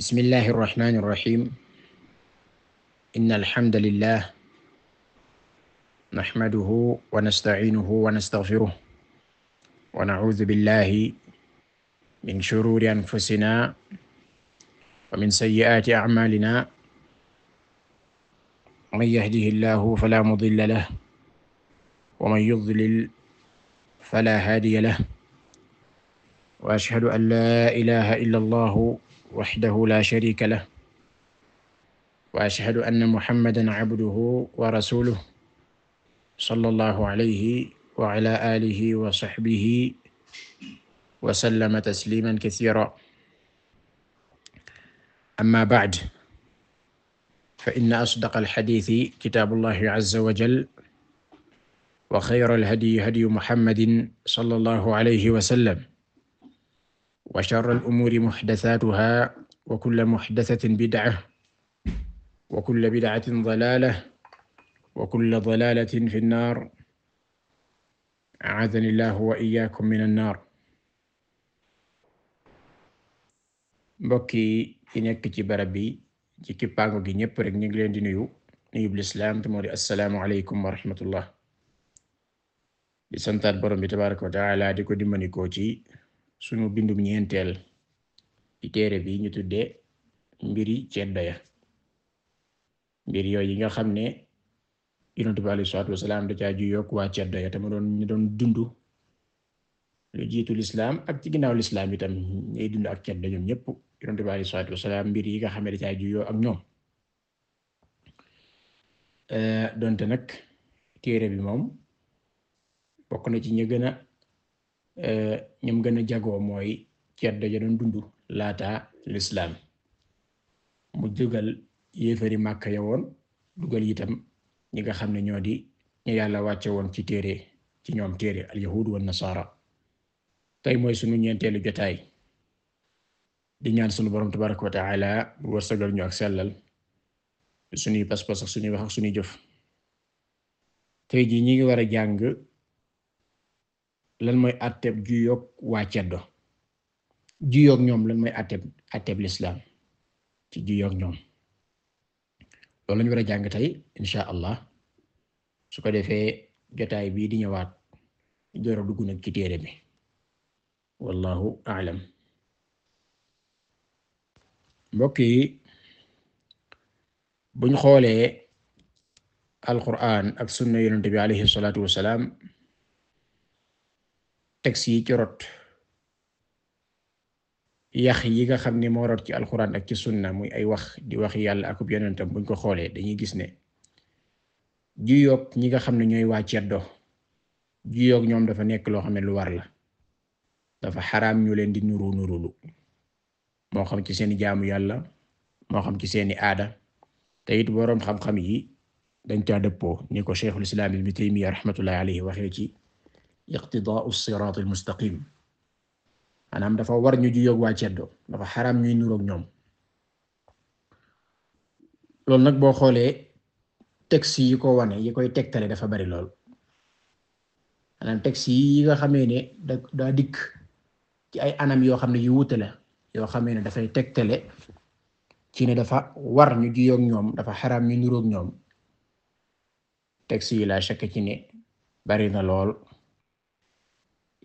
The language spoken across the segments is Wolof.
بسم الله الرحمن الرحيم إن الحمد لله نحمده ونستعينه ونستغفره ونعوذ بالله من شرور أنفسنا ومن سيئات أعمالنا من يهده الله فلا مضل له ومن يضلل فلا هادي له وأشهد أن لا إله إلا الله waxdahu laa sharika lah wa ashhadu anna muhammadan cabduhu wa rasuluh sallallahu alayhi wa ala alihi wa sahbihi wa sallama tasliman kasiira amma bacd fa inna asdaqa alxadiisi kitaabullahi azza wa jal wa xayra alhadyi hadyu muhammadin sallallahu alayhi wa sallam wa sharral umuuri muhdasaatuhaa wa kulla muhdasatin bid'a wa kulla bid'atin dalaala wa kulla dalaalatin fi nnaar a'aadani llaahu wa iyyaakum mina nnaar. mbokk yi nekk ci barab bi ci kippaango gi ñëpp rek ñu ngi leen di nuyu nuyub lislaam te moo di assalaamu aleykum wa rahmatullah di santaat borom bi tabaaraka wa ta'aala di ko dimbanikoo ci. sunu bindum ñeenteel téere bi ñu tudde mbiri ceddo ya mbir yooyu yi nga xam ne yonent bi alayhi salaatu wasalaam da caa ju yokk waa ceddo ya te mu doon ñu doon dund lu jiitu lislaam ak ci ginnaaw lislaam itam ñay dund ak ceddo ñoom ñëpp yonent bi alayhi mbir yi nga xam ne da caa ju yoo ak ñoom eh, donte nag téere bi moom bokk na ci ñu Eh, ñoom gën a jagoo mooy ceddo ja doon dund laataa lislaam mu dugal yéefari màkk ya woon dugal itam ñi nga xam ne ñoo di yàlla wàcce woon ci téere ci ñoom téere al yahud wa nasaara tey mooy sunu ñeenteelu jotaay di ñaan sunu borom tabaraka wa taala bu wërsëgal ñu ak sellal sunuy pas-pas ak sunuy wax ak sunuy ñi ngi jàng lan mooy atteb juyoog waa ceddo juyoog ñoom lan mooy atteb atteb lislaam ci juyoog ñoom loolu lañu war a jàng tey insha allah su ko defee jotaay bii di ñëwaat door a dugg nag ci téere bi wallahu a'lam mbokk yi buñ xoolee alquran ak sunna yonent bi alayhi salaatu wasalaam texte yi ci rot yax yi nga xam ne moo rot ci alxuraan ak ci sunna muy ay wax di wax yàlla akub yonentam buñ ko xoolee dañuy gis ne ju ñi nga xam ne ñooy waa ceddo ju ñoom dafa nekk loo xam ne lu war la dafa xaraam ñu leen di nuru nurulu moo xam ci seeni jaamu yàlla moo xam ci seeni aada te it boroom xam-xam yi dañ caa dëppoo ni ko cheikhul islam ibn Taymiyya rahmatullahi alayhi waxee ci iqtidaau siraat almustaqim maanaam dafa war ñu juyoog waa ceddo dafa xaraam ñuy nuroog ñoom loolu nag boo xoolee texte yi ko wane yi koy tegtale dafa bari lool maanaam texte yi nga xamee ne da daa dikk ci ay anam yoo xam ne yu wuute yoo xamee ne dafay tegtale ci ne dafa war ñu juyoog ñoom dafa xaram mi nuroog ñoom texte yi laa shakk ci ne bari na lool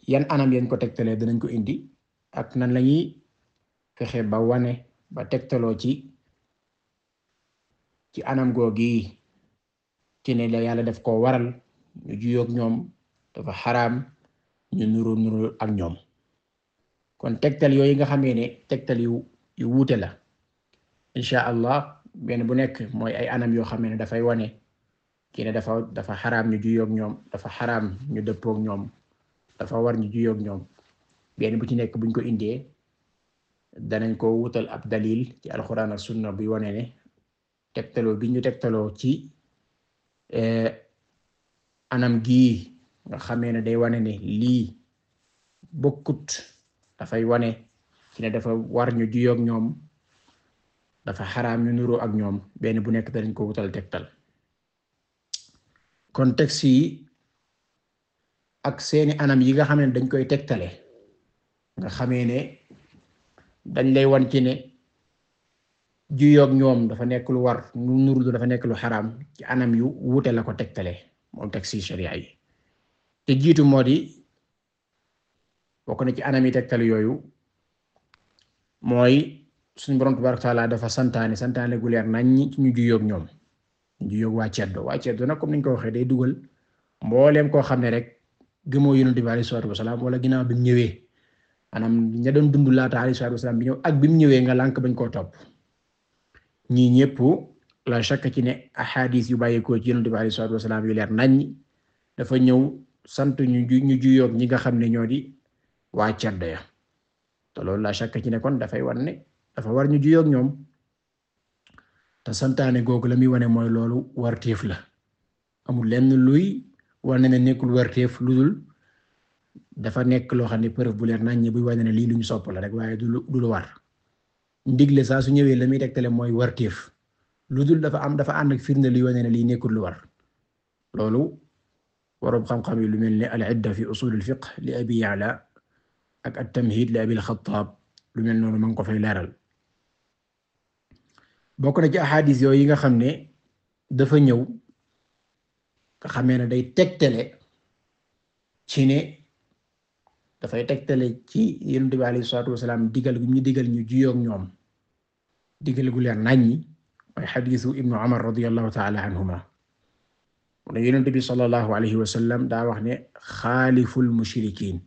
yan anam yan ko tegtalee danañ ko indi ak nan la ñuy fexe ba wane ba tegtaloo ci ci anam googi ci ne la yàlla def koo waral ñu juyoog ñoom dafa xaraam ñu nuru nuru ak ñoom kon tegtal yooyu nga xamee ne tegtal yu yu wuute la incha allah benn bu nekk mooy ay anam yoo xamee ne dafay wane ci ne dafa dafa xaraam ñu juyoog ñoom dafa xaram ñu dëppoog ñoom dafa war ñu juyoog ñoom benn bu ci nekk buñ ko indee danañ ko wutal ab dalil ci alxuraan ak sunna bi wane ne tegtaloo bi ñu tegtaloo ci e, anam gii nga xamee ne day wane ne lii bokkut dafay wane ci ne dafa war ñu juyoog ñoom dafa xaram ñu nuroo ak ñoom benn bu nekk danañ ko wutal tegtal contexte yi ak seeni anam yi nga xam ne dañ koy tegtale nga xamee ne dañ lay wan ci ne juyoog ñoom dafa nekk lu war lu nurul dafa nekk lu xaraam ci anam yu wuute la ko tegtale moom teg si sharia yi te jiitu moo di bokk na ci anam yi tegtale yooyu mooy suñ borom tabaaraka taala dafa santaane santaane gu leer nañ ci ñu juyoog ñoom ñu juyoog waa ceddo waa ceddo nag comme niñ koy waxee day dugal mbooleem koo xam ne rek gëmoo yonent bi alayhi salaatu wasalaam wala ginnaaw bi mu ñëwee doon dund laata alayhi salaatu bi ñëw ak bi mu ñëwee nga lànk bañ koo topp ñii ñëpp la shakka ci ne yu bàyyeekoo ci yonent bi alayhi salaatu wasalaam leer nañ dafa ñëw sant ñu ñu juyoog ñi nga xam ne ñoo di waa cadde te loolu la shakka ci ne kon dafay war ne dafa war ñu juyoog ñoom te santaane googu la muy wane mooy loolu war téef la amul lenn luy. wane ne nekkul warteef lu dul dafa nekk loo xam ne preuve bu leer naññ buy wane ne lii lu ñu sopp rek waaye du du lu war ndigle saa su ñëwee la muy tegtale mooy warteef lu dul dafa am dafa ànd ak firnde luy wane ne lii nekkul lu war loolu waroom xam-xam yi lu mel ne al idda fi usul al ak at tamhid lu mel noonu ma ngi ko fay leeral bokk na ci ahadis yooyu yi nga xam ne dafa ñëw nga xamee ne day tegtele ci ne dafay tegtale ci yonent bi alayhi salaatu wasalaam digal gu ñu digal ñu jiyoog ñoom digal gu leen naññi mooy xadiisu ibnu Umar radiyallahu taala anhuma mu ne yonent bi sallallahu daa wax ne xaaliful mushrikiin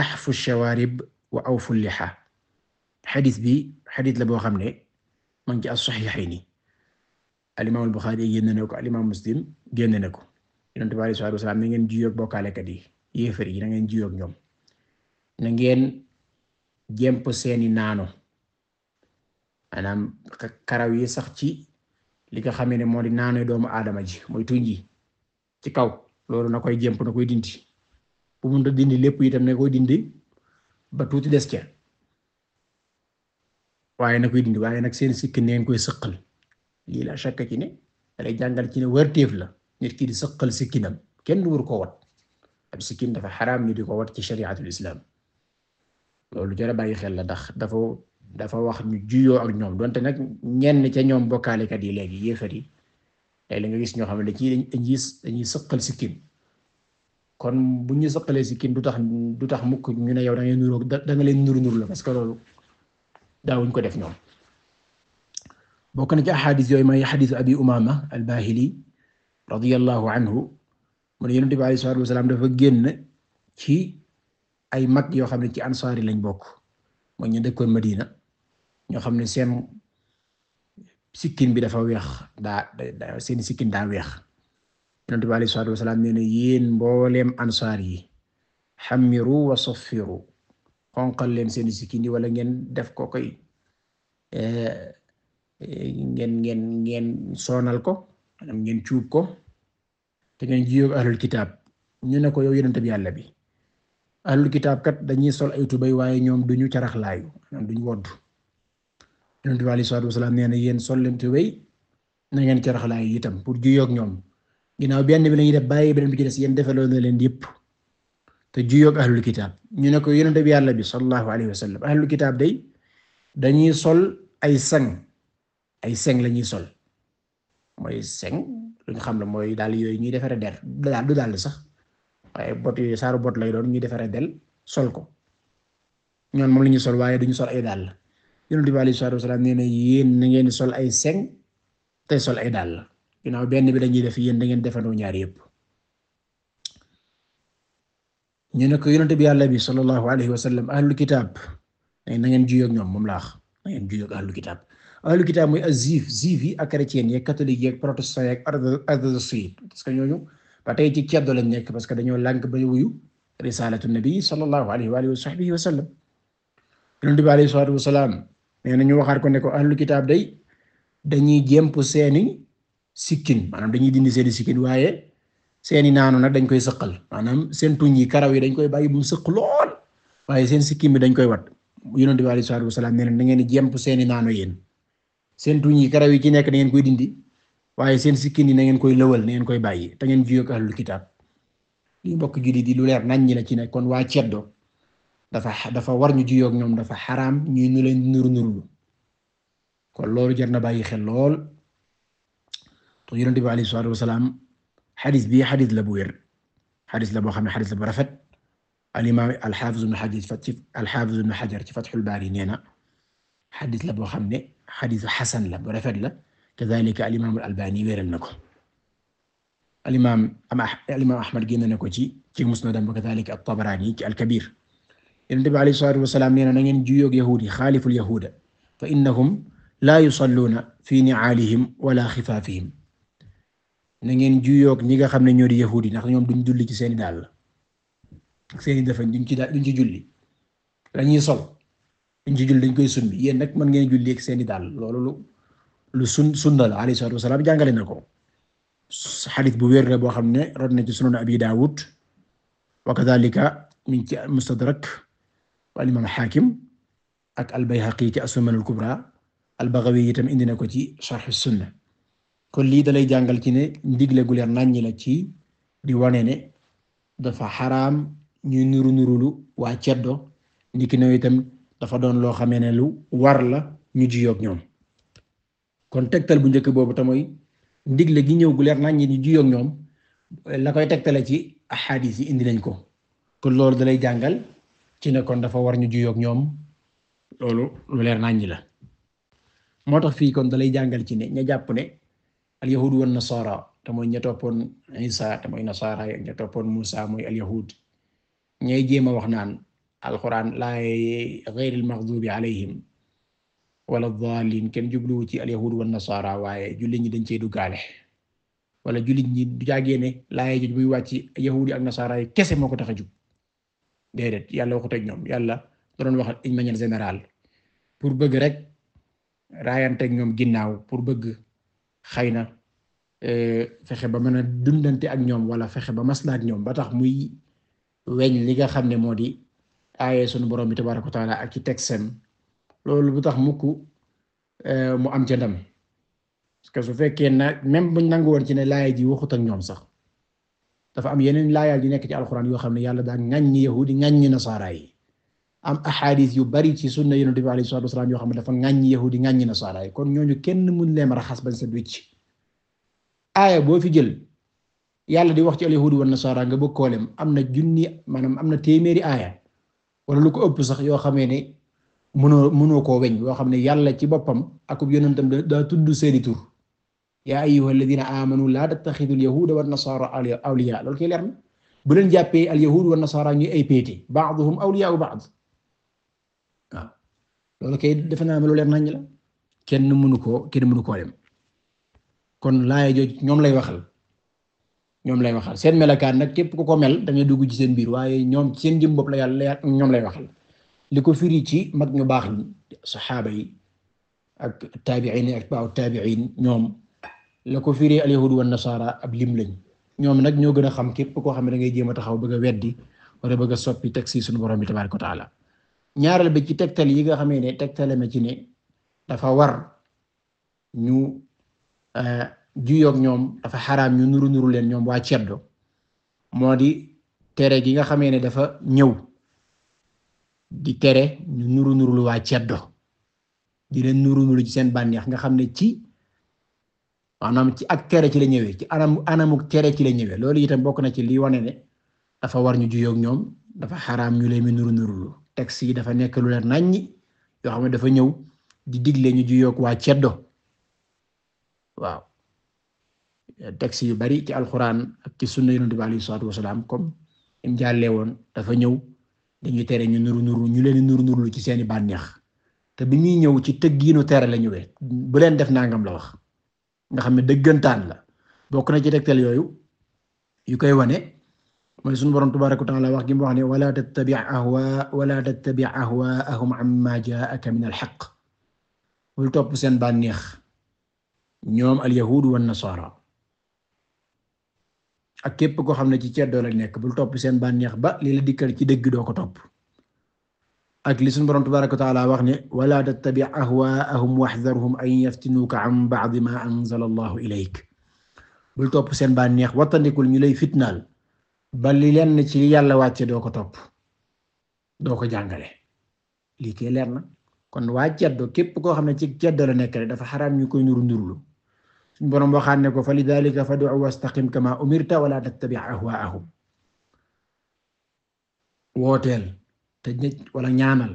axfu shawaarib wa awfu lixa xadiis bi xadiis la boo xam ne man ci as-saxiixayni alimaamul Buxaari génne na ko alimaam Muslim génne na ko yonent bi alayhi salaatu ngeen jiyoog bokkaalekat yi yéefar yi na ngeen jiyoog ñoom na ngeen jemp seeni naano maanaam karaw yi sax ci li nga xamee ne moo di naanoy doomu aadama ji mooy tuñ ji ci kaw loolu na koy jemp na koy dindi bu mënta dindi lépp itam na koy dindi ba tuuti des ca waaye na koy dindi waaye nag seen sikki neen koy sëqal lii la chakka ci ne dalay jàngal ci ne warteef la nit ki di sëqal sikkinam kenn wër koo wat ab sikkin dafa xaram ni di ko wat ci shari'atul islam loolu jar a bàyyi xel la ndax dafa dafa wax ñu juyoo ak ñoom donte nag ñenn ca ñoom bokkaalekat yi léegi yéefar yi tey la gis ñoo xam ne ci dañuy dañuy sëqal sikkin kon bu ñu sëqalee sikkin du tax du tax mukk ñu ne yow na ngay nuru da nga leen nuru nuru la parce que loolu daawuñ ko def ñoom. bokk na ci axaadis yooyu mooy xadisu abi umama albahili radiyallahu anhu mu ne yonent bi alayhi salaatu wasalaam dafa génn ci ay mag yoo xam ne ci ansaari lañ bokk mooy ñu dëkkoon Madina ñoo xam ne seen sikkin bi dafa weex daa seen sikkin daa weex yonent bi alayhi salaatu wasalaam nee na yéen mbooleem ansaar yi xamiru wa saffiru xonqal leen seen sikkin yi wala ngeen def ko koy eh, Eh, ngeen ngeen ngeen soonal ko maanaam ngeen cuub ko te ngeen jiyoog ahlul kitaab ñu ne ko yow yonente bi yàlla bi ahlul kitaab dañuy sol ay tubay waaye ñoom duñu caraxlaayu maanaam duñu wodd yonente bi alayhi salaatu wasalaam nee na yéen sol leen tubay na ngeen caraxlaayu itam pour jiyoog ñoom ginnaaw benn bi lañuy def bàyyi beneen bi ci des yéen defaloo na leen yëpp te jiyoog ahlul kitaab ñu ne ko yonente bi yàlla bi sallallahu alayhi wa sallam ahlul kitaab day dañuy sol ay sang ay seng lañuy sol mooy seng lu xam ne mooy daal yooyu ñuy defaree der daal du daal sax waaye bot yooyu saaru bot lay doon ñuy defaree del sol ko ñoon moom la ñuy sol waaye duñu sol ay daal Yonent bi alayhi salaatu wasalaam nee na yéen na ngeen sol ay seng tey sol ay daal ginnaaw benn bi dañuy def yéen da ngeen defandoo ñaar yëpp. ñu ne yàlla bi sallallahu alayhi wa sallam na ngeen juyoo ñoom moom laax na ngeen juyoo kitaab. ahlu kitaab mooy juif juif yi ak chrétien yeeg catholique yeeg protestant yeeg orthodoxe yi parce que tey ci ceddo lañ nekk parce que dañoo lànk ba wuyu risalatu nabi sallallahu alayhi wa alihi wa sahbihi wa sallam yonent bi alayhi salaatu ñu waxaat ko ne ko ahlu kitaab dañuy jémp seeni sikkin maanaam dañuy dindi seeni sikkin waaye seeni naanu nag dañ koy sëqal maanaam seen tuñ yi karaw yi dañ koy bàyyi bu mu sëq lool waaye seen sikkim bi dañ koy wat yonent bi alayhi salaatu wasalaam nee na ngeen di jémp seeni naanu yéen seen tuñ yi karaw yi ci nekk na ngeen koy dindi waaye seen sikkin yi na ngeen koy lëwal na ngeen koy bàyyi te ngeen jiyoo ak ahlul kitaab li mbokk jullit yi lu leer nañ ñi la ci ne kon waa ceddo dafa dafa war ñu jiyoo ak ñoom dafa xaraam ñuy nu leen nuru nurulu kon loolu jar na bàyyi xel lool to yonent bi alayhi salaatu wasalaam xadis bii xadis la bu wér xadis la boo xam ne xadis la bu rafet al imaam al xaafiz ibn xajar ci al xaafiz ibn xajar ci Fathul Baari nee na xadis la boo xam ne xadisu xasan la bu rafet la kazalika alimaam al albani wéral na ko alimaam alimaam ah, ahmad génn na ko ci ci musnadam ba kazalika al tabarani ci al kabir yonent bi alayhi salaatu wasalaam nee na na ngeen juyoog yahuud yi xaaliful yahuuda fa innahum laa yusalluuna fi niaalihim wala xifaafihim na ngeen juyoog ñi nga xam ne ñoo di yahuud ndax ñoom duñ julli ci seeni daal la ak seeni dafañ duñ ci daal duñ ci julli lañuy sol dañ ci koy summi yéen nag mën ngeen julli ak seeni daal loolu lu lu sun sunna la alayhi salaatu wasalaam na ko bu wér boo xam ne rod na ci sunan abi daawud wa kadhalika min ci mustadrak al imam xaakim ak al bayhaqi ci as-sunan al kubra al baghawi itam indi na ko ci sharh sunna kon lii dalay jàngal ci ne ndigle gu leer naññi ci di wane ne dafa xaraam ñuy nuru nurulu waa ceddo niki na itam dafa doon loo xamee ne lu war la ñu jiyoog ñoom kon tegtal bu njëkk boobu te ndigle gi ñëw gu leer nañ ñu jiyoog ñoom la koy tegtale ci axadis yi indi nañ ko kon loolu dalay jàngal ci ne dafa war ñu jiyoog ñoom loolu leer nañ la moo tax fii kon dalay jàngal ci ne ña jàpp ne al yahud wan nasara te mooy ña toppoon Isa te mooy nasara ña toppoon Musa mooy al yahud ñay jéem a wax naan alquran laay ghayril maghdubi alayhim wala daalin kenn jubluwu ci al alyahuud wa nasaara waaye jullit ñi dañ cee duggaale wala jullit ñi du jaagee ne laay joj buy wàcc yahuudi ak nasaara yi kese moo ko tax a jub déedéet yàlla waxut ñoom yàlla da doon wax une manière pour bëgg rek raayanteeg ñoom ginnaaw pour bëgg xëy na euh, fexe ba mën a dundante ak ñoom wala fexe ba maslaa ak ñoom ba tax muy weñ li nga xam ne moo di aaye sunu borom bi tabaaraka wa taala ak ci tegsem loolu bu tax mukk eh, mu am ca ndam parce que su fekkee na même buñ nangu woon ci ne laaya ji waxut ak ñoom sax dafa am yeneen laaya ji nekk ci alxuraan yoo xam ne yàlla daa ŋaññi yahudi ŋaññi nasaara yi am ahadis yu bari ci sunna yonent bi alayhi salaatu wasalaam yoo xam ne dafa ŋaññi yahudi ŋaññi nasaara yi kon ñooñu kenn mun leen raxas ba sa wicc aaya boo fi jël yàlla di wax ci al yahudi wan nasaara nga bëgg koo am na junni maanaam am na téeméeri aaya wala lu ko ëpp sax yoo xamee ne mënoo mënoo ko weñ yoo xam ne yàlla ci boppam akub yonentam daa tudd seeni tur yaa ayyuha alladina amanu laa tattaxidu alyahuda wa nasaara awliya loolu koy leer na bu leen jàppee alyahud wa nasaara ñuy ay péete baaduhum awliyaau baad waaw loolu kay defe naa lu leer nañ la kenn mënu koo kenn mënu ko dem kon laaya jooj ñoom lay waxal ñoom lay waxal seen melakaan nag képp ku ko mel da dugg ci seen biir waaye ñoom ci seen jëm bopp la yàlla ñoom lay li ko firi ci mag ñu baax ñi saxaaba yi ak taabiin ak baaw taabiin ñoom la ko firi al yahud wa nasara ab lim lañ ñoom nag ñoo gën a xam képp koo xam ne da ngay a taxaw bëgg a weddi wala bëgg soppi teg si suñu borom bi tabaaraka wa taala bi ci tegtal yi nga xamee ne tegtale ma ci ne dafa war ñu euh, juyoog ñoom dafa xaram ñu nuru nuru leen ñoom waa ceddo moo di tere gi nga xamee ne dafa ñëw di tere ñu nuru nuru lu waa ceddo leen nuru ci seen bànneex nga xam ne ci maanaam ci ak tere ci la ñëwee ci anam anamuk tere ci la ñëwee loolu itam bokk na ci li wane ne dafa war ñu juyoog ñoom dafa xaram ñu leen mi nuru nuru lu texte yi dafa nekk lu leer naññi yoo xam ne dafa ñëw di digle ñu juyoog waa ceddo waaw texte yu bari ci alxuraan ak ci sunna yonent bi alayhi salaatu wasalaam woon dafa ñëw dañuy tere ñu nuru nuru ñu leen nuru nuru ci seeni bànneex te bi ñuy ñëw ci tëgg tëggiinu tere la ñëwee bu leen def nangam la wax nga xam ne dëggantaan la bokk na ci tegtal yooyu yu koy wane mooy suñu borom tabaaraka wa taala wax gi mu wax ne wala tattabi ahwa wala tattabi ahwaahum amma jaaka min alxaq bul topp seen bànneex ñoom alyahuud wa nasaara ak képp koo xam ne ci ceddoo la nekk bul topp seen bànneex ba li la dikkal ci dëgg doo ko topp ak li suñu borom tabaaraka wa taala wax ne wala tattabi ahwaahum waxdarhum an yaftinuuka an ba'di ma anzala allahu ilayk bul topp seen bànneex wattandikul ñu lay fitnaal ba li lenn ci yàlla wàcce doo ko topp doo ko jàngale lii kay leer na kon waa ceddo képp koo xam ne ci ceddoo la nekk rek dafa xaraam ñu koy nuru nurulu suñu borom waxaan ne ko fa lidaalika fad'u wastaqim a umirta wala tattabi' ahwaahum wooteel te wala ñaanal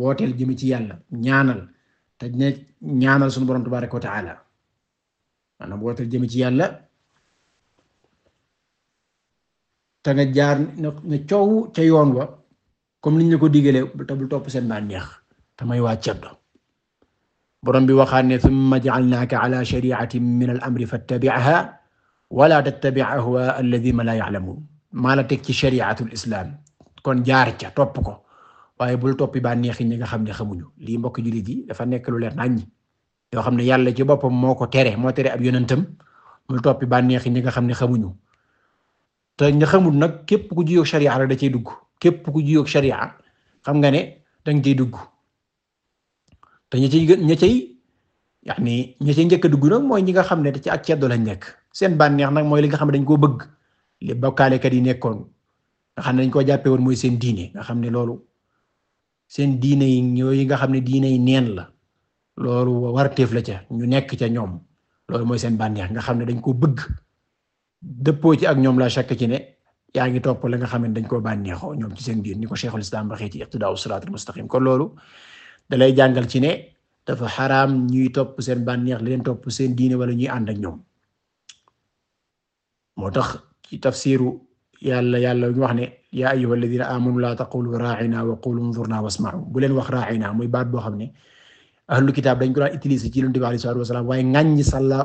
wooteel jëmi ci yàlla ñaanal te ñaanal suñu borom tabaaraka wa ta'ala maanaam wooteel jëmi ci yàlla ta nga jaar nga coow ca yoon wa comme niñ la ko digalee te bul topp seen bànneex te may waa ceddo borom bi waxaat ne summa ja'alnaaka ala shari'atin min al-amri fattabi'ha wala tattabi' ahwaa alladhina la ya'lamuun maa la teg ci shari'atul islam kon jaar ca topp ko waaye bul toppi ba neexi ñi nga xam ne xamuñu lii mbokk jullit yi dafa nekk lu leer naññ yoo xam ne yàlla ci boppam moo ko tere moo tere ab yonentam bul toppi ba neexi ñi nga xam ne xamuñu te ña xamul nag képp ku jiyoog shari'a da cay dugg képp ku jiyoog shari'a xam nga ne danga ciy dugg. te ña cay gën ña cay yani ña cay njëkk a dugg mooy ñi nga xam ne ci ak ceddo lañ nekk seen bànneex nag mooy li nga xam ne dañ koo bëgg li yi nekkoon nga xam koo jàppee woon mooy seen diine nga xam ne loolu seen diine yi nga xam ne diine yi neen la loolu warteef la ca ñu nekk ca ñoom loolu mooy seen bànneex nga xam ne dañ koo bëgg dëppoo ci ak ñoom la chàkk ci ne yaa ngi topp la nga xam ne dañ ko bànneexoo ñoom ci seen biir ni ko Cheikhul Islam waxee ci Iqtidaa'u siraatal mustaqiim kon loolu da lay jàngal ci ne dafa xaram ñuy topp seen bànneex li leen topp seen diine wala ñuy ànd ak ñoom moo tax ci tafsiru yàlla yàlla ñu wax ne yaa ayyuha alladina amanu laa taqulu ra'ina wa qulu unzurna wasma'u bu leen wax ra'ina muy baat boo xam ne ahlu kitaab dañ ko daan utiliser ci yonent bi alayhi salaatu wasalaam waaye ŋàññi salla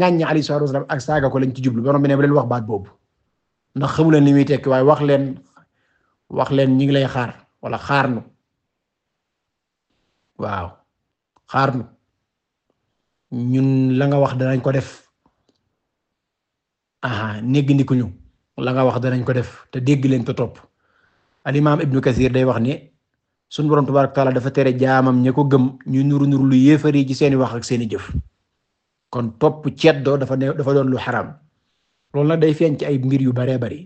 ŋàññi alayhi salaatu wasalaam ak saaga ko lañ ci jublu borom bi ne bu leen wax baat boobu ndax xamu leen li muy tekki waaye wax leen wax leen ñi ngi lay xaar wala xaar nu waaw xaar nu ñun la nga wax danañ ko def aha néggniku ñu la nga wax darañ ko def te dégg leen te topp al imaam ibnu kasir day wax ne suñu borom tabaaraka taala dafa tere jaamam ña ko gëm ñu nuru nuru lu yéefari ci seeni wax ak seeni jëf kon topp ceddoo dafa ne dafa doon lu xaraam loolu nag day feeñ ci ay mbir yu baree bari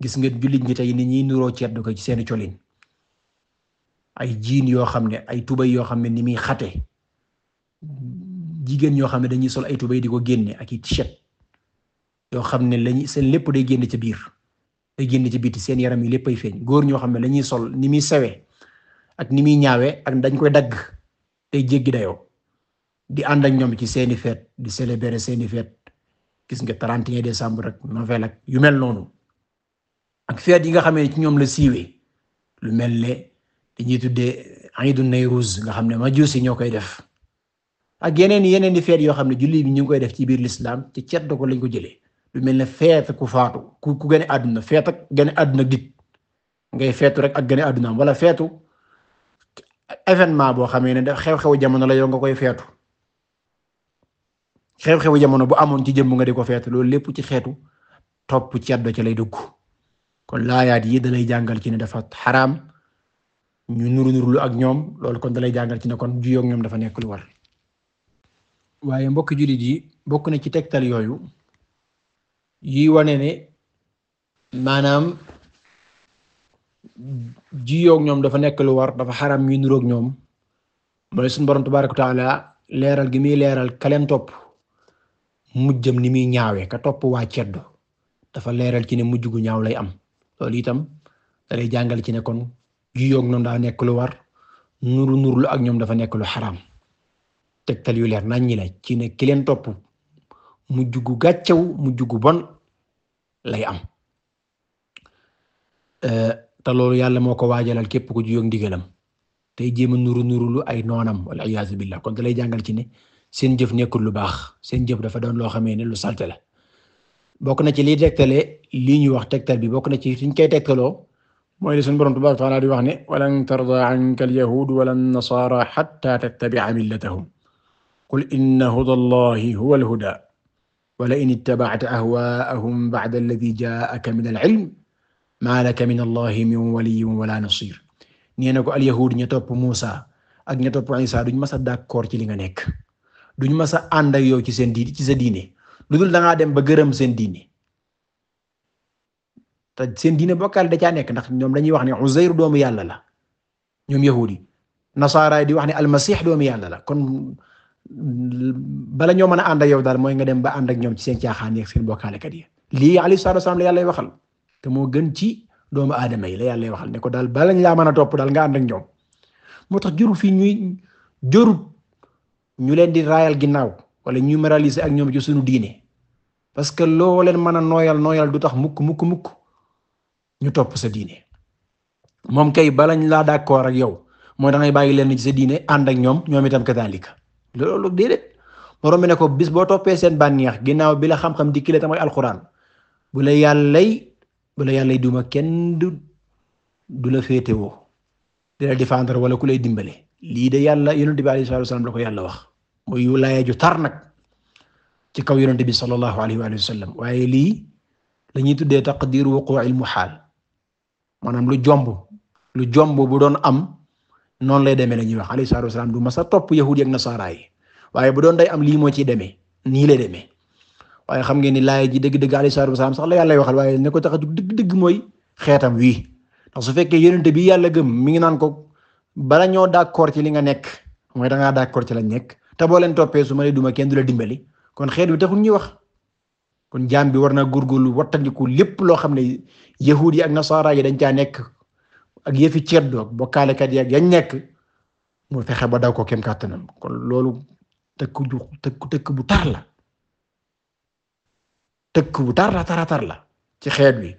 gis nga jullit ñi tey ni ñuy nuroo ceddo ko ci seeni colin ay jiin yoo xam ne ay tubay yoo xam ne ni muy xate jigéen ñoo xam ne dañuy sol ay tubay di ko génne ak i t-shirt yoo xam ne lañuy seen lépp day génn ci biir day génn ci biti seen yaram lépp ay feeñ góor ñoo xam ne lañuy sol ni muy sewee ak ni muy ñaawee ak dañ koy dagg tey jéggi dayoo di ànd ak ñoom ci seeni fête di célébrer seeni fête gis nga 31 décembre ak Noël ak yu mel noonu ak fête yi nga xam ne ci ñoom la siiwee lu mel ne li ñuy tuddee iidu Nayruuz nga xam ne majuusi ñoo koy def ak yeneen yeneen i feet yoo xam ne julli bi ñu ngi koy def ci biir lislaam ci cet ko lañ ko jëlee lu mel ne feet ku faatu ku ku gane àdduna feet gane àdduna dit ngay feetu rek ak gane àddunaam wala feetu événement boo xamee ne daf xew-xewu jamono la yow nga koy feetu xew jamono bu amoon ci jëmm nga di ko feetu loolu lépp ci xeetu topp ceddo ci lay dugg yi da lay jàngal ci ne dafa xaraam ñu nuru nuru lu ak ñoom loolu kon dalay jàngal ci ne kon juyoo ak ñoom dafa nekk lu war waaye mbokk jullit yi bokk na ci tegtal yooyu yi wane ne maanaam juyoo ak ñoom dafa nekk lu war dafa xaram ñuy nuru ñoom mooy suñu borom tabaaraka wa taala leeral gi muy leeral kaleen topp mujjam ni muy ñaawee ka topp waa ceddo dafa leeral ci ne mujj gu ñaaw lay am loolu itam dalay jàngal ci ne kon juyoog ñoom daa nekk lu war nuru nurlu ak ñoom dafa nekkul lu xaraam tegtal yu leer nañ ñi la ci ne ki leen topp mu jugu gàccew mu jugu bon lay am euh, te loolu yàlla moo ko waajalal képp ku juyoog ndigalam tey jéem a nuru nurulu ay noonam wal iyaazu billah kon da lay jàngal ci ne seen jëf nekkul lu baax seen jëf dafa doon loo xamee ne lu salte la bokk na ci liy tegtale lii ñu wax tegtal bi bokk na ci liñ koy tegtaloo mooy li suñu borom tabaaraka wa ta'aala di wax ne walan tarda anka al-yahuudu wala an-nasaara hattaa tattabi'a millatahum qul inna hudallahi huwa al-hudaa wa la-in ittaba'ta ahwaa'ahum ba'da alladhii jaa'aka mina al-'ilm maa laka mina Allahi min waliyyin wa laa nasiir nee na ko al-yahuud ña topp Muusaa ak ña topp Iisaa duñ mës a d'accord ci li nga nekk duñ mës a ànd ak yow ci seen diine ci sa diine lu dul da ngaa dem ba gërëm seen diine te seen diine bokkaale da caa nekk ndax ñoom dañuy wax ne Uzayr doomu yàlla la ñoom yahudi nasaara di wax ne almasih doomu yàlla la kon bala ñoo mën a ànd yow daal mooy nga dem ba ànd ñoom ci seen caaxaan yi ak seen bokkaalekat yi lii alayhi salaatu wasalaam la waxal te moo gën ci doomu aadama yi la yàlla waxal ne ko daal bala laa mën topp daal nga ànd ak moo tax jurul fii ñuy jurut ñu leen di rayal ginnaaw wala ñu moraliser ak ñoom ci suñu diine parce que loo leen nooyal nooyal du tax mukk mukk mukk ñu topp sa diine moom kay balañ laa d'accord ak yow moo da ngay bàyyi leen ci sa diine ànd ñoom ñoom itam kazaalika loolu déedéet moroom bi ne ko bis boo toppee seen bànneex ginnaaw bi la xam-xam di kile tamay alxuraan bu la yàllay bu la yàllay duma kenn du du la féetewoo di la défendre wala ku lay dimbale lii de yàlla yonent bi alayhi salaatu wasalaam yàlla wax muy laaya ju tar nag ci kaw yonent bi sallallahu alayhi wa sallam waaye lii la ñuy tuddee taqdiir wuqu'il muhaal maanaam lu jomb lu jomb bu doon am noonu lay demee la ñuy wax alayhi salaatu wasalaam du mas a topp yahud yi ak nasaara yi waaye bu doon day am lii moo ciy demee nii lay demee waaye xam ngeen ni laay ji dëgg-dëgg alayhi salaatu sax la yàlla waxal waaye ne ko tax a jug dëgg mooy xeetam wii ndax su fekkee yonente bi yàlla gëm mi ngi naan ko bala ñoo d'accord ci li nga nekk mooy da ngaa d'accord ci lañ nekk te boo leen toppee su ma ne duma kenn du la dimbali kon xeet bi taxul ñuy wax kon jaam bi war naa góorgóorlu wattandiku lépp loo xam ne yahuud yi ak nasaara yi dañ caa nekk ak yëfi ceeb ak bokkaalekat yi ak yañ nekk mu fexe ba daw ko kem kàttanam kon loolu tëkk ju tëkk tëkk bu tar la tëkk bu tar la la ci xeet wi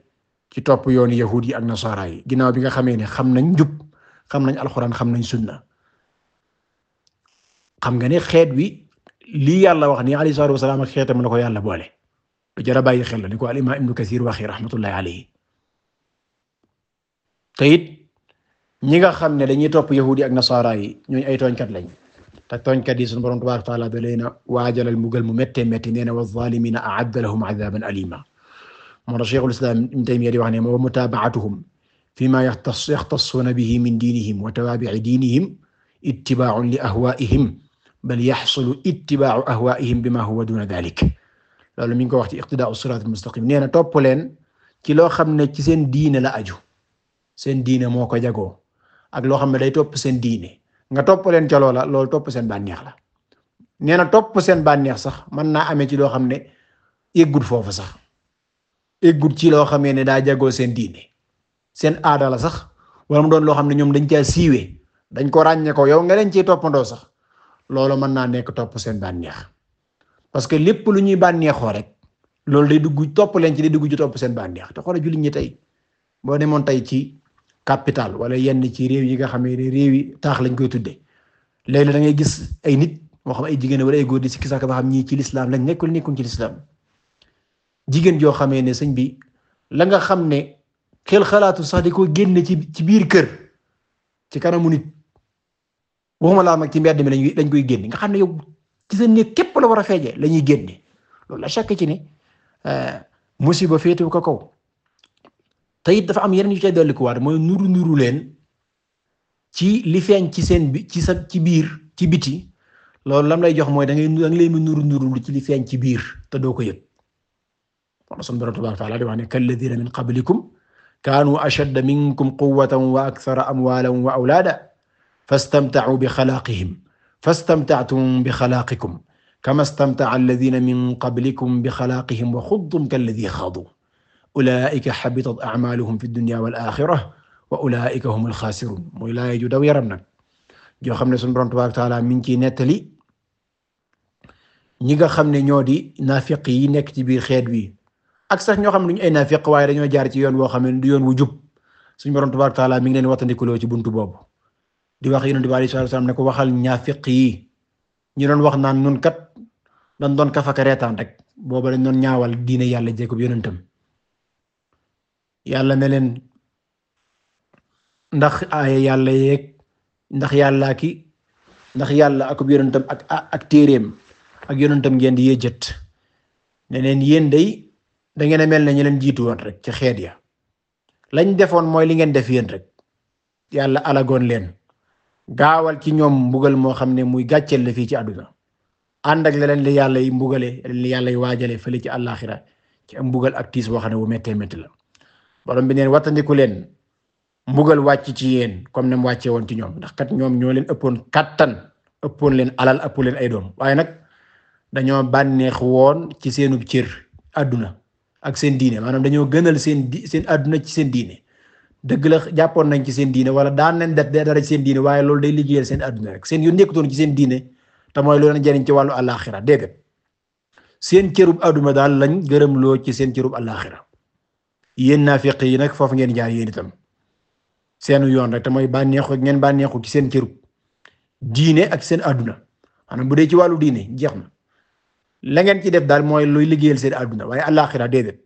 ci topp yoonu yahuud yi ak nasaara yi ginnaaw bi nga xamee ne xam nañ njub xam nañ alxuraan xam nañ sunna xam nga ne xeet wi lii yàlla wax ni alayhi salaatu wasalaam ak xeetam na ko yàlla boole lu jar a bàyyi xel la ni ko al imaam ibnu Kasiir waxee rahmatullahi alayhi te it ñi nga xam ne dañuy topp yahudi ak nasaara yi ñooñu ay tooñkat lañ te tooñkat yi sunu borom tabaaraka wa taala da leen a waajalal mbugal mu méttee métti nee na wa zaalimiina a'adda lahum azaaban alima moo tax Cheikhul Islam Ibn Taymiyya di wax ne wa mutaabaatuhum fiimaa yaxtassuuna bihi min diinihim wa tawaabi'i diinihim ittibaa'un li ahwaa'ihim bal yaxsulu ittibaa'u ahwaa'ihim bimaa huwa duuna daalika loolu mi ngi ko wax ci iqtidaa'u siraatal mustaqim nee na topp leen ci loo xam ne ci seen diine la aju seen diine moo ko jagoo ak loo xam ne day topp seen diine nga topp leen ca loola loolu topp seen bànneex la nee na topp seen bànneex sax mën naa amee ci loo xam ne eggut foofu sax eggut ci loo xamee ne daa jagoo seen diine seen aada sax wala doon loo xam ne ñoom dañ ca siiwe dañ ko ràññee ko yow nga leen ciy toppandoo sax loolo mën naa nekk topp seen bànneex parce que lépp lu ñuy bànneexoo rek loolu day dugg topp leen ci day duggu ci topp seen bànneex te xoolal jullit ñi tey boo demoon tey ci capital wala yenn ci réew yi nga xam ne réew yi taax lañ koy tuddee léeg da ngay gis ay nit moo xam ay jigéen wala góor di si kisaka ba xam ñii ci lislaam lañ nekkul nekkuñ ci joo xamee ne sëñ bi la nga xam ne xel xalaatu sax di ko génne ci ci biir kër ci kanamu nit waxuma laa ci mbedd mi lañ koy génne nga xam ne yow ci sa néeg képp la war a la ñuy génne loolu la chaque ci ni euh, musiba féetu ko kaw te it dafa am yeneen yu cay dollikuwaat mooy nuru nuru leen ci li feeñ ci seen bi ci sa ci biir ci biti loolu lam lay jox mooy da ngay da nga leen nuru nuru ci li feeñ ci biir te doo ko yëg wala sunu borom tabaaraka wa taala di wax ne kalladina min qablikum kaanu ashadda minkum quwwatan wa akthara amwalan wa awlaada fastamta'u bi xalaaqihim fastamtactum bi xalaaqikum kama stamtaca alladina min qablikum bi xalaaqihim wa xudtum kalladi xaadu ulaika xabitat acmaaluhum fi dunya wal axira wa ulaika hum alxaasiruun mooy laaya ju daw yaram nag joo xam ne sunu Boroom tabaaraka wa taala mi ngi ciy nettali ñi nga xam ne ñoo di naafiq yi nekk ci biir xeet wi ak sax ñoo xam ne duñu ay naafiq waaye dañoo jaar ci yoon woo xam ne du yoon wu jub sunu Boroom tabaaraka wa taala mi ngi leen wattandikuloo ci buntu boobu di wax yonent di sallallahu alayhi wasallam ne ko waxal ñaafiq yi ñu doon wax naan ñun kat dañ doon kafaka reetaan rek booba dañ doon ñaawal diine yàlla jéegóob yonentam yàlla ne leen ndax aaya yàlla yeeg ndax yàllaa ki ndax yàlla akub yonentam ak ak téeréem ak yonentam ngeen di yéejët ne leen yéen day da ngeen a mel ne ñu leen jiitu rek ci xeet ya lañ defoon mooy li ngeen def yéen rek yàlla alagoon leen. gaawal ci ñoom mbugal moo xam ne muy gàcceel la fii ci àdduna ànd ak leneen li yàlla yi mbugale li lay yi waajale fële ci àllaaxira ci am mbugal ak tiis boo xam ne wu méttee métti la borom bi wattandiku leen mbugal wàcc ci yéen comme ne mu wàccee woon ci ñoom ndax kat ñoom ñoo leen ëppoon kattan ëppoon leen alal ëppoon leen ay doom waaye nag dañoo bànneex woon ci seenu cër àdduna ak seen diine maanaam dañoo gënal seen di àdduna ci seen diine dëgg la jàppoon nañ ci seen diine wala daan nañ def dara ci seen diine waaye loolu day liggéeyal seen adduna rek seen yu ci seen diine te mooy lu leen jëriñ ci wàllu àllaaxira déedéet seen cërub adduna daal lañ gërëm loo ci seen cërub àllaaxira yéen naafiq yi nag foofu ngeen jaar yéen itam seen yoon rek te mooy bànneexu ngeen bànneexu ci seen cërub diine ak seen adduna maanaam bu dee ci wàllu diine jeex na la ngeen ci def daal mooy luy liggéeyal seen adduna waaye àllaaxira déedéet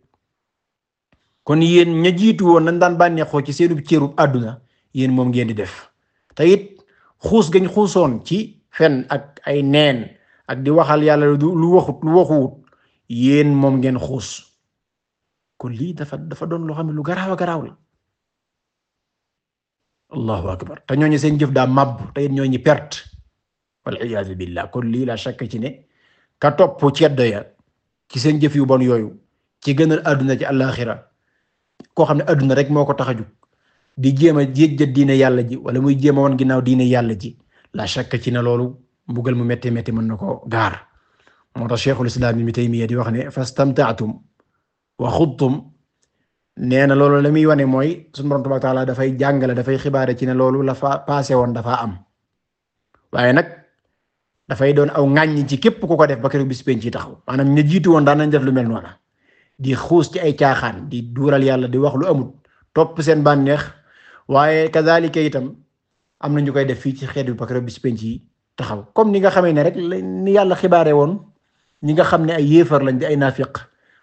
kon yéen ña jiitu woon nañ daan bànneexoo ci seenu cërub àdduna yéen moom ngeen di def te xuus gañ xuusoon ci fen ak ay neen ak di waxal yàlla lu waxut lu waxuwut yéen moom ngeen xuus kon lii dafa dafa doon loo xam ne lu garaaw a garaaw la allahu akbar te ñooñu seen jëf daa màbb te it ñooñu perte wal iyaadu billah kon lii la shakk ci ne ka topp ceddo ya ci seen jëf yu bon yooyu ci gënal àdduna ci àllaaxira koo xam ne adduna rek moo ko tax a jug di jéem a jéjjat diine yàlla ji wala muy jéem a wan ginnaaw diine yàlla ji la shakk ci na loolu mbugal mu métti metti mën na ko gaar moo tax cheikhul islam ibn mi di wax ne fastamta'tum wa xudtum nee na loolu la muy wane mooy sunu borom tabaaraka taala dafay jàngale dafay xibaare ci na loolu la fa woon dafaa am waaye nag dafay doon aw ŋàññi ci képp ku ko def ba keroog bis penc ci taxaw maanaam ña jiitu woon daan nañ lu mel noonu di xuus ci ay caaxaan di duural yàlla di wax lu amul topp seen bànneex waaye kazaalika itam am na ñu koy def fii ci xeet bi parce que bis penc taxaw comme ni nga xamee ne rek ni yàlla xibaare woon ñi nga xam ne ay yéefar lañ di ay naafiq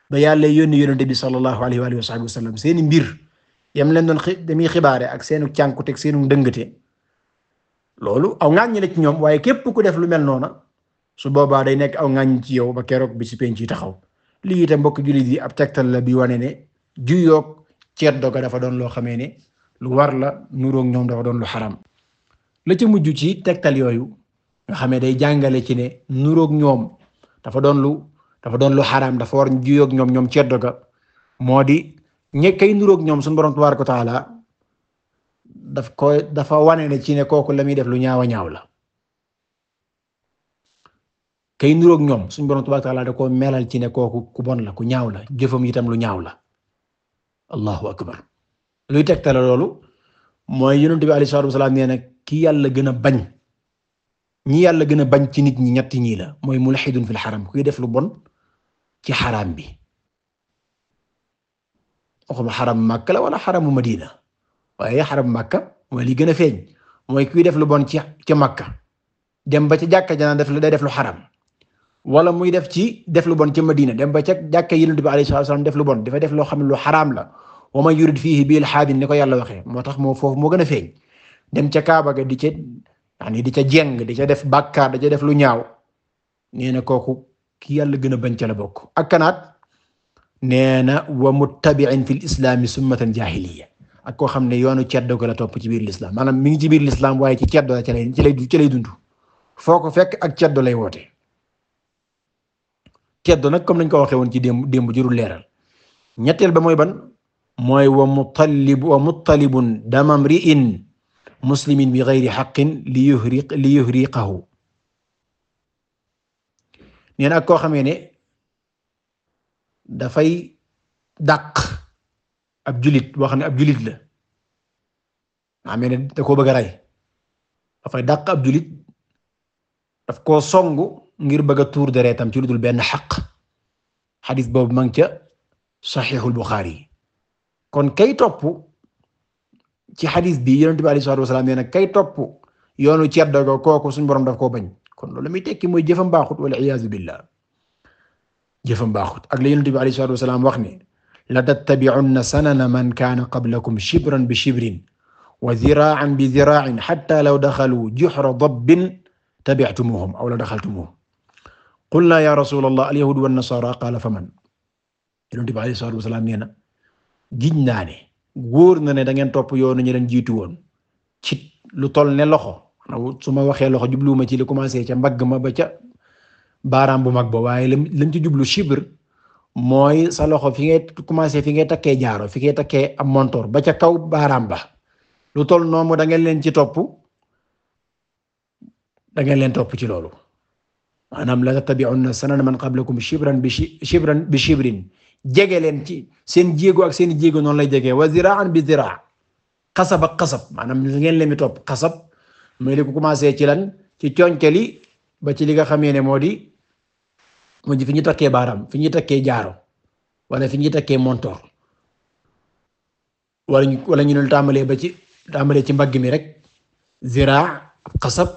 ba yàlla yónni yonente bi sallallahu alayhi wa sahbihi wa sallam seeni mbir yam leen doon damuy xibaare ak seenu cànkute ak seenu te loolu aw ŋàññi la ci ñoom waaye képp ku def lu mel noona su boobaa day nekk aw ŋàññi ci yow ba keroog bi ci yi taxaw lii itam mbokk jullit yi ab tektal la bi wane juyook juyoog ceet doga dafa doon loo xamee ne lu war la nuroog ñoom dafa doon lu xaram la ca mujj ci tegtal yooyu nga xamee day jàngale ci ne nuroog ñoom dafa doon lu dafa doon lu xaram dafa war juyoog ñoom ñoom ceet doga moo di ñekkay nuroog ñoom suñu borom tabaaraka wa taala daf ko dafa wane ne ci ne kooku la muy def lu ñaawa a la kay niroog ñoom suñ borom tabaaraka taala da koo melal ci ne kooku ku bon la ku ñaaw la jëfam itam lu ñaaw la allahu akbar luy tegtale loolu mooy yonent bi alayhi salaatu wasalaam nee na ki yàlla gën a bañ ñi yàlla gën a bañ ci nit ñi ñetti ñii la mooy mulhidun fil xaram kuy def lu bon ci xaram bi waxuma xaram Makka la wala xaramu Madina waaye xaram Makka mooy li gën a feeñ mooy kuy def lu bon ci ca Makka dem ba ca jàkka janaan def lu day def lu xaram wala muy def ci def lu bon ci Madina dem ba ca jàkka Yonent bi alayhi salaatu salaam def lu bon dafay def loo xam ne lu xaraam la wa man yurid fiihi bi ilhaadin ni ko yàlla waxee moo tax moo foofu moo gën a feeñ dem ca Kaaba ga di ca yaani di ca jeng di ca def bàkkaar di ca def lu ñaaw nee na kooku ki yàlla gën a bañ ca la bokk ak kanaat nee na wa muttabi'in fil islaami sunnatan jaahiliya ak koo xam ne yoonu ceddo ko la topp ci biir l'islam maanaam mi ngi ci biir l'islam waaye ci ceddo la ci lay ci lay dund foo ko fekk ak ceddo lay woote keddo nag comme nañ ko waxee woon ci démb démb jurul leeral ñetteel ba mooy ban mooy wa mutalib wa mutalibun damam ri'in bi ghayri haqqin li yuhriq li ak koo xamee ne dafay dàq ab julit boo xam ne ab julit la amee ne da koo bëgg a rey dafay dàq ab daf koo songu ngir bëgg a tuur deretam ci lu dul benn xaq xadis boobu ma ngi ca saxiixul Buxaari kon kay topp ci xadis bi yonent bi alayhi salaatu wasalaam nee na kay topp yoonu ceddo ga kooku suñu borom daf koo bañ kon loolu muy tekki mooy jëfam baaxut wala iyaazu billah jëfam baaxut ak la yonent bi alayhi salaatu wasalaam wax ne la tattabi'unna sanana man kaana qablakum shibran bi shibrin wa ziraa'an bi ziraa'in hatta law daxalu juhra dabbin tabi'tumuhum aw la daxaltumuhum qulnaa yaa rasulallah alyahuud wa nasaara qaala faman yonent bi alayhi salaatu wasalaam nee na giñ naa ne wóor na ne da ngeen topp yoonu ñu leen jiitu woon ci lu toll ne loxo su ma waxee loxo jubluwuma ci li commencé ca mbagg ma ba ca baaraam bu mag ba waaye lañ ci jublu shibr mooy sa loxo fi ngay commencé fi ngay takkee jaaro fi ngay takkee am montor ba ca kaw baaraam ba lu tol noonu da ngeen leen ci topp da ngeen leen topp ci loolu. maanaam la tattabi'unna sanana man qablakum shibran bi shibran bi shibrin jege leen ci seen jéego ak seen jéego noonu lay jegee wa ziraan bi ziraa xasab ak xasab maanaam ngeen leen di topp kasab mooy li ko commencé ci lan ci coñcali ba ci li nga xamee ne moo di moo di fi ñu takkee baaraam fi ñu takkee jaaro wala fi ñu takkee montor wala ñu wala ñu ne tàmbalee ba ci tàmbalee ci mbagg mi rek ziraa xasab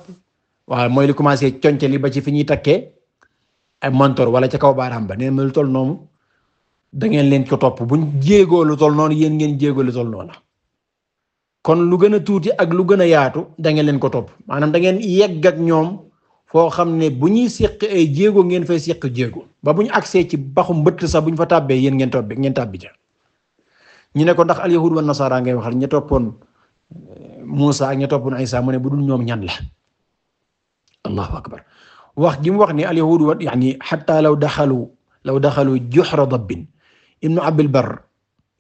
waaw mooy li commencé coñce li ba ci fi ñuy takkee ay montor wala ca kaw baaraam ba nee na lu toll noonu da ngeen leen ko topp buñ jéegoo lu toll noonu yéen ngeen jéegoo lu toll noonu kon lu gën a tuuti ak lu gën a yaatu da ngeen leen ko topp maanaam da ngeen yegg ak ñoom foo xam ne bu ñuy seq ay jéego ngeen fay seq jéego ba bu ñu agsee ci baxu mbëtt sax bu ñu fa tàbbee yéen ngeen tàbbi ngeen tàbbi ñu ne ko ndax al yahud wa nasara ngay waxal ña toppoon Muusa ak ña toppoon Isa mu ne bu dul ñoom ñan la. allahu akbar wax gi mu wax ni al yahud wa yani xataa law daxalu law daxalu juxra dabbin ibnu abil bar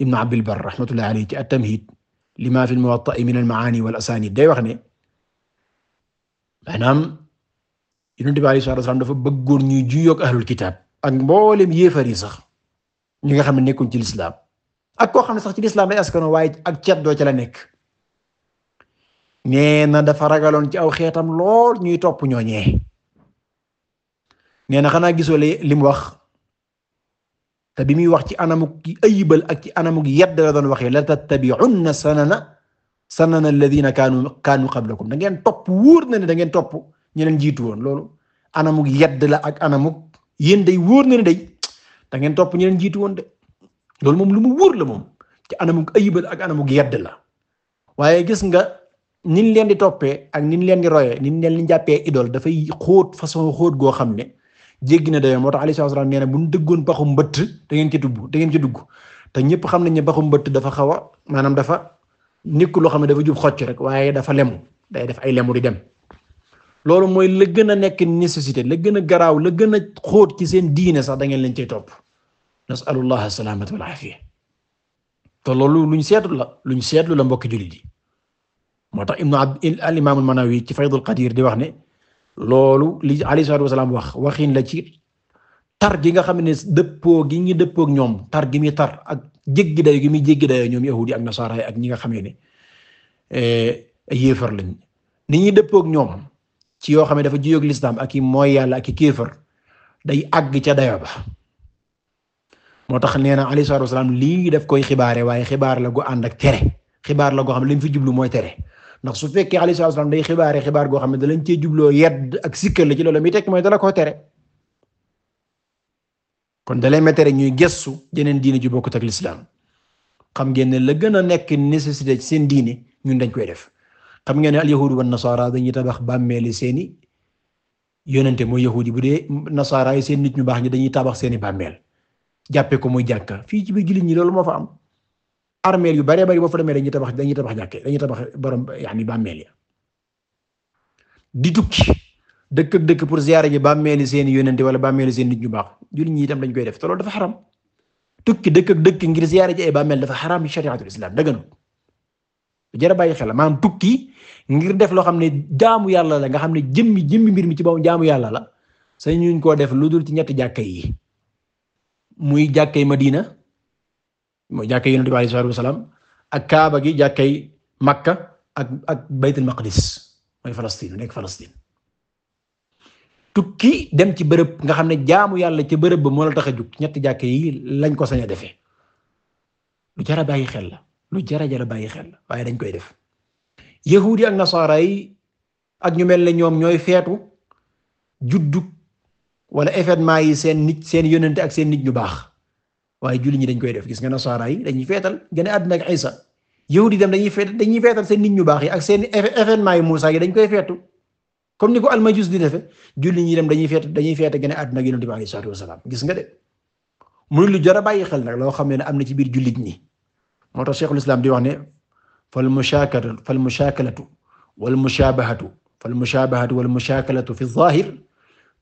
ibnu abil bar rahmatullahi alayhi ci at-tamhid lima fi al-muwatta'i min al-ma'ani wal asanid day wax ne maanaam yonent bi alayhi salaatu wasalaam dafa bëggoon ñuy juyoog ahlul kitaab ak mboolem yéefar yi sax ñi nga xam ne nekkuñ ci lislaam ak koo xam ne sax ci lislaam lay askano waaye ak ceddoo ca la nekk nee na dafa ragaloon ci aw xeetam lool ñuy topp ñooñee nee na xanaa gisoo li mu wax te bi muy wax ci anamuk ki ayibal ak ci anamuk yedd la doon waxee la tattabi'unna sanana sanana alladhina kaanu kaanu qablakum da ngeen topp wóor na ne da ngeen topp ñu leen jiitu woon loolu anamuk yedd la ak anamug yéen day wóor na ne da ngeen topp ñu leen de loolu moom lu mu la moom ci anamuk ayibal ak anamuk yedd la waaye gis nin leen di toppee ak nin leen di royee nin leen di jàppee idole dafay xóot façon xóot goo xam ne jéggi na dayoo moo tax alayhi salaam nee na bu ñu dëggoon baxu mbëtt da ngeen ci dugg da ci dugg te ñëpp xam nañ ne baxu mbëtt dafa xaw a maanaam dafa nekk loo xam ne dafa jub xocc rek waaye dafa lemu day def ay lemu di dem loolu mooy la gën a nekk nécessité la gën a garaaw la gën a xóot ci seen diine sax da ngeen leen cay topp nasalullah salaamata wal aafiya te loolu luñ seetlu la luñ seetlu la mbokki jullit yi moo tax ibnu al imaamul manawi ci faydul qadir di wax ne loolu li alayhi salaatu wasalaam wax waxin la ci tar gi nga xam ne dëppoo gi ñu dëppoo ñoom tar gi muy tar ak jéggi dayo gi muy jéggi dayo ñoom yahudi ak nasaara ak ñi nga xam ne eh, yéefar lañ ni ñuy dëppoo ñoom ci yoo xam ne dafa jiyoog lislaam ak mooy yàlla ak i day àgg ca dayo ba moo tax nee na alayhi salaatu wasalaam lii def koy xibaare waaye xibaar la gu ànd ak tere xibaar la goo xam ne fi jublu mooy tere ndax su fekkee alayhi salaam day xibaare xibaar goo xam ne dalañ cee jubloo yedd ak sikkal la ci loolu mi tekk mooy dala ko tere kon dalay ñuy gëstu jeneen diine ju bokkut ak lislaam xam ngeen ne la gën a nekk nécessité ci seen diine ñun dañ koy def xam ngeen ne al yahuud wa nasaara dañuy tabax bàmmeeli seeni yonente mooy yahuud yi bu dee nasaara seen nit ñu baax ñi dañuy tabax seeni bàmmeel jàppee ko muy jàkka fii ci biir jullit ñi loolu moo fa am armeel yu bare bari boo fa demee dañuy tabax dañuy tabax jàkkee dañuy tabax borom yaani bàmmeel ya di tukki dëkk ak dëkk pour ziyaare ji bàmmeeli seen yonente wala bàmmeeli seen ñu baax jullit ñi itam dañ koy def te dafa xaram tukki dëkk ak dëkk ngir ziyaare ji ay bàmmeel dafa xaram ci shariatul islam dëgganul jërë bàyyi xel maanaam tukki ngir def loo xam ne jaamu yàlla la nga xam ne jëmmi jëmmi mbir mi ci boobu jaamu yàlla la sañuñ koo def lu dul ci ñetti jàkka yi muy jàkkay Madina mooy jàkkay yonent bi alayhi salaatu wasalaam ak Kaaba gi jàkkay Makka ak ak Baytul Maqdis mooy Palestine nekk Palestine tukki dem ci bërëb nga xam ne jaamu yàlla ci bërëb ba moo la tax a jug ñetti jàkk yi lañ ko sañ a defee lu jara bàyyi xel la lu jara jara bàyyi xel la waaye dañ koy def yahuudi ak nasaara ak ñu mel ne ñoom ñooy feetu juddu wala événement yi seen nit seen yonent ak seen nit ñu baax waaye julli ñi dañ koy def gis nga nasaara yi dañuy feetal gën a àdduna ak Isa yahud yi dem dañuy feetal dañuy feetal seen nit ñu baax yi ak seen événement yi Muusaa yi dañ koy feetu comme ni ko almajus di defe julli ñi dem dañuy feet dañuy feete gën a àdduna ak yonent bi alayhi salaatu wasalaam gis nga de muy lu jar a bàyyi xel nag loo xam ne am na ci biir jullit ñi moo tax cheikhul islam di wax ne fal mushakalatu fal mushakalatu wal mushabahatu fal mushabahatu wal mushakalatu fi zahir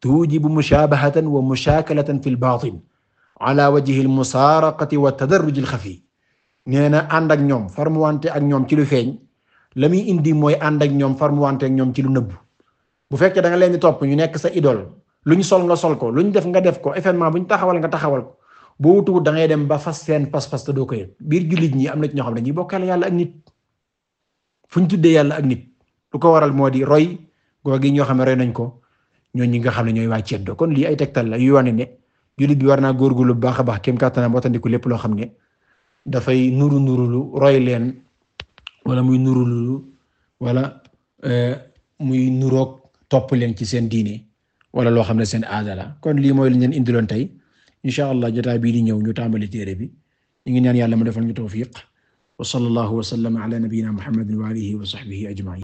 tujibu mushabahatan wa mushakalatan fi l batin ala wajhi al musaaraqati wa tadarruj al xafi nee na ànd ak ñoom wante ak ñoom ci lu feeñ la muy indi mooy ànd ak ñoom farmuwante ak ñoom ci lu nëbb bu fekkee da nga leen di topp ñu nekk sa idole lu ñu sol nga sol ko lu ñu def nga def ko événement bu ñu taxawal nga taxawal ko boo wutuwut da ngay dem ba fas seen pas-pas te doo ko yëg biir jullit ñi am na ci ñoo xam ne dañuy bokkale yàlla ak nit fu ñu tuddee yàlla ak nit lu ko waral moo di roy googi ñoo xam ne nañ ko ñoo ñi nga xam ne ñooy waa ceddo kon lii ay tegtal la yu wane ne jullit bi war naa góorgóorlu bu baax a baax kem kàttanam watandiku lépp loo xam ne dafay nuru nurulu roy leen wala muy nurulu wala euh, muy nuroog topp leen ci seen diine wala loo xam ne seen aada kon lii mooy li ñu leen indiloon tey incha allah jotaay bii di ñëw ñu tàmbali téere bi ñu ngi ñaan yàlla mu defal ñu tawfiq wa sallallahu wa sallama ala nabiyyina muhammadin wa alihi wa sahbihi ajma'in